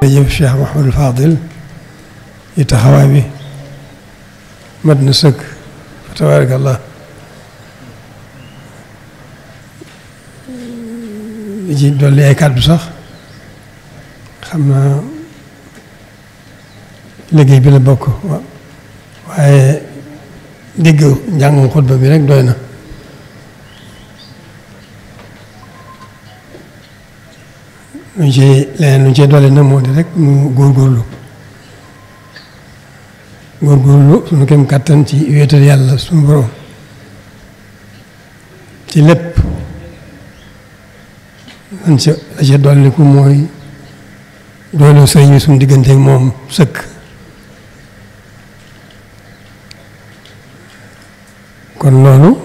jërëjëf Cheikh Mouhamadou Fadil yi taxawaay bi mat na sëkk fa tabarakallah li ci dolli ay kàddu sax xam naa liggéey bi la bokk waaye dégg njàngum xutba bi rek doy na lu ñu cee doole nag moo di rek mu góorgóorlu góorgóorlu suñu kem kàttan ci wéetal yàlla suñu borom ci lépp man ca la ca dolliku mooy doolu sëriñ bi suñu diggante moom sëkk kon loolu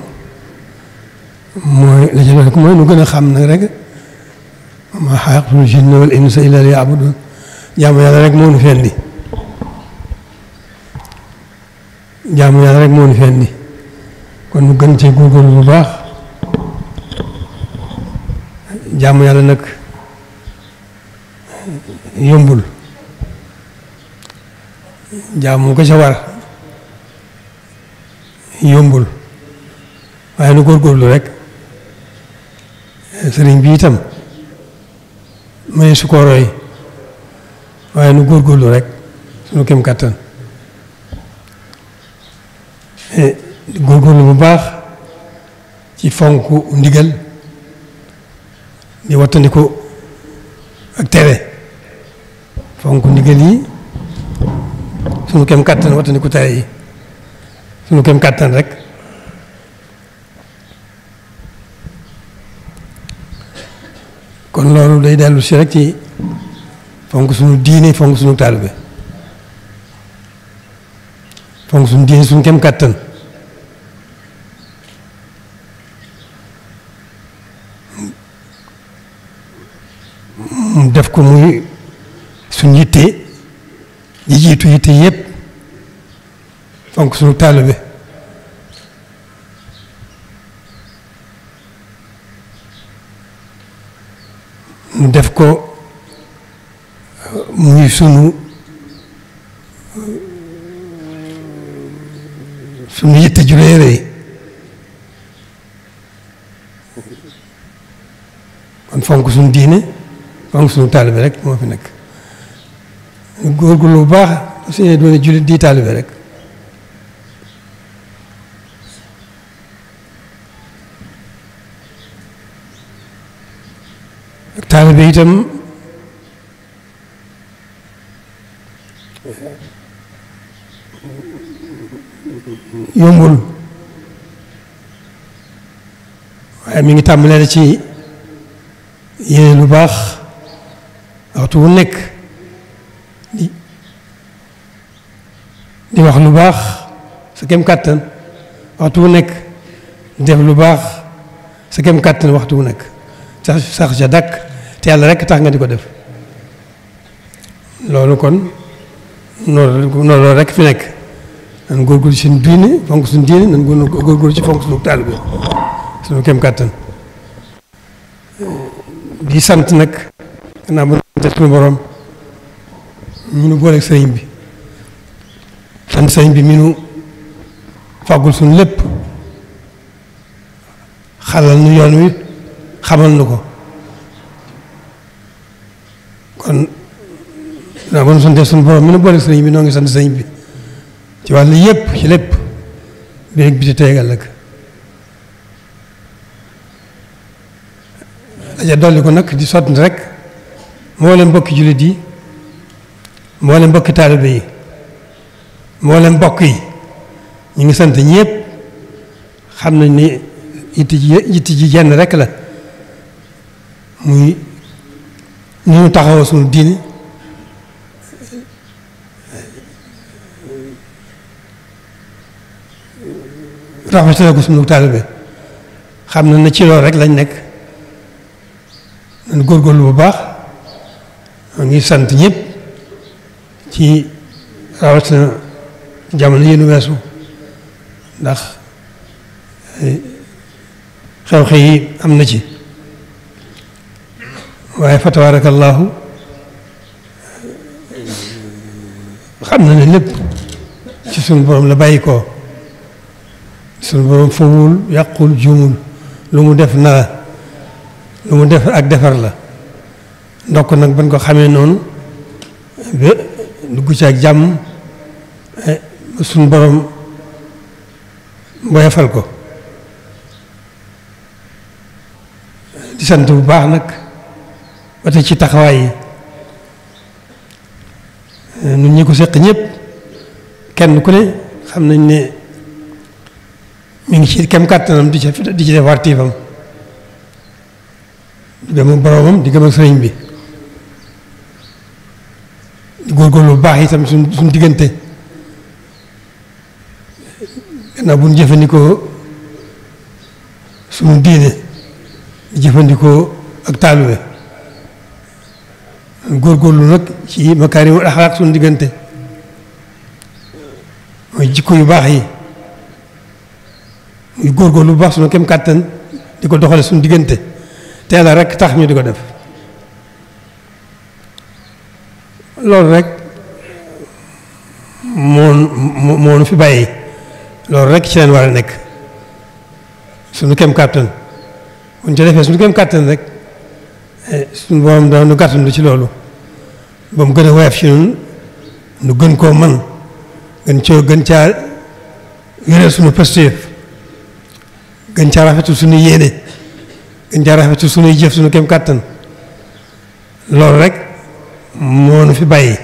mooy la ca dolliku mooy nu gën a xam nag rek ma xalaqtul jinna wal insa illa liya'budun jaamu yàlla rek moo ñu fi indi jaamu yàlla rek moo ñu fi kon nu gën cee góorgóorlu bu baax jaamu yàlla nag yombul jaamu ko ca war yombul waaye nu góorgóorlu rek sëriñ bi itam. mënee su ko waaye nu góor góorlu rek suñu kem kàttan eh, góorgóorlu bu baax ci fonk ndigal di wattandiku ak tere fonk ndigal yi suñu kem kàttan wattandiku tere yi suñu kem kàttan rek loolu day dellu si rek ci fonk suñu diine fonk suñu taalibe fonk suñu diine suñu kem kàttan def ko muy suñu yitte yi jiitu yitte yépp fonk suñu taalibe mu def ko muy sunu sunu yitte ju réeree kon fonk sunu diine fonk sunu taalibe rek moo fi nekk góorgóorlu bu baax su ñu doon di taalibe rek. taalibe itam yombul waaye mi ngi tàmbalee ci yéene lu baax waxtu wu nekk di di wax lu baax sa kem kàttan waxtu nekk def lu baax sa kem kàttan waxtu wu nekk sax sax ca dàkk te yàlla rek tax nga di ko def loolu kon noonu loolu rek fi nekk nan góorgóorlu ci suñu diine fonk suñu diine nan góorgóorlu ci fonk suñu taalibe suñu kem kàttan di sant nag gannaaw bu borom ñu nu booleeg bi sant sëriñ bi mi nu fàggul suñu lépp xalal nu yoon wi xamal nu ko waaw ba nu santee suñu borom mi nu boole sëriñ bi noo ngi sant sëriñ bi ci wàll yëpp ci lépp biir bi ci teegal la daja dolli ko nag di sotti rek mboolem mbokki jullit yi mboolem mbokki taalibe yi mboolem mbokk yi ñu ngi sant ñëpp xam nañ ni yitti ji yitti ji jenn rek la muy ni ñu taxawoo suñu diini rafetale ko sunu taalibe xam na ne ci loolu rek lañ nekk nañ góorgóorlu bu baax ngi sant ñëpp ci rawatina jamono yi ndax eh, xew am na ci waaye fa tabaarakallaahu eh, xam na ne lépp ci sunu borom la bàyyi koo suñu borom fowul yàqul juumul lu mu def na lu mu def ak defar la ndox ndokk nag bañ ko xamee noonu ba dugg ci ak jàmm eh, suñ borom boyefal ko di sant bu baax nag ba ci taxawaay yi ñun eh, ñi ko seq ñëpp kenn ku ne xam nañ ne mi ngi ci kem kàttanam di ci di ci def wartiifam di gëm ak boroomam di sëriñ bi di lu bu baax itam suñ suñ diggante gannaaw bu ñu jëfandikoo suñu diine jëfandikoo ak taalube góorgóorlu nag ci makaarimul axlaaq suñu diggante mooy jikko yu baax yi yu lu bu baax suñu kem kàttan di ko doxale suñu diggante te yàlla rek tax ñu di ko def loolu rek moo moo nu fi bàyyi loolu rek ci leen war a nekk suñu kem kàttan buñ ci defee suñu kem kàttan rek eh, su borom dana nu gàttandu ci loolu ba mu gën a woyof ci ñun nu gën koo man gën coo gën caa yore suñu positif gën ca rafetu suñu yéene gën ca rafetu suñuy jëf suñu kem kàttan loolu rek moo nu fi bàyyi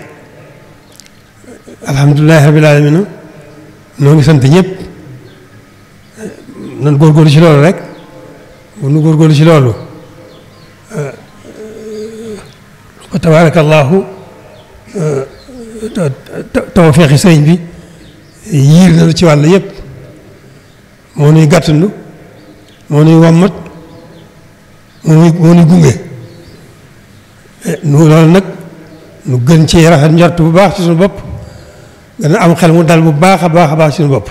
alhamdulilahi rabil alamina noo ngi sant ñëpp nan góorgóorlu ci loolu rek bu nu góorgóorlu ci loolu wa tabarakallahu tawfeexi sëriñ bi yiir na lu ci wàll yëpp moo nuy gàttandu moo nuy wommat moo nuy gunge eh, nu loolu nag nu gën ci rafet njort bu baax ci suñu bopp gën a am xel mu dal bu baax a baax a baax ci suñu bopp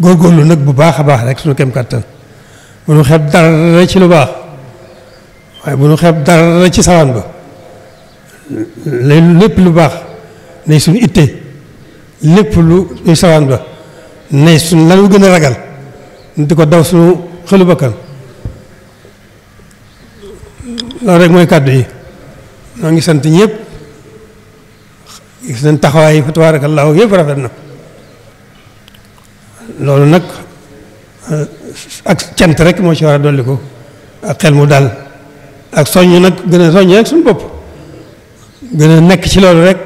góorgóorlu nag bu baax a baax rek suñu kem kàttan bu nu xeeb dara ci lu baax waaye bu nu xeeb dara ci sawaan ba lay lépp lu baax nay suñu itte lépp lu luy sawaan ba nay suñ lanu gën a ragal di ko daw suñu xelu bakkan loolu rek mooy kàddu yi ñoo ngi sant ñëpp gis nañ taxawaay yi fa tabaarakallaahu yëpp rafet na loolu nag eh, ak cant rek moo ci war a dolli ko ak xel mu dal ak soññ nag gën a soññ rek suñu bopp gën a nekk ci loolu rek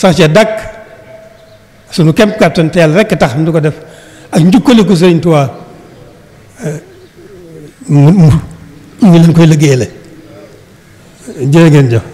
sax ca dàkk suñu kéem kàttan teel rek tax ñu ko def ak njukkaliku Sëriñ Tuubaa mu mu ñu leen koy liggéeyale jërë ngeen jëf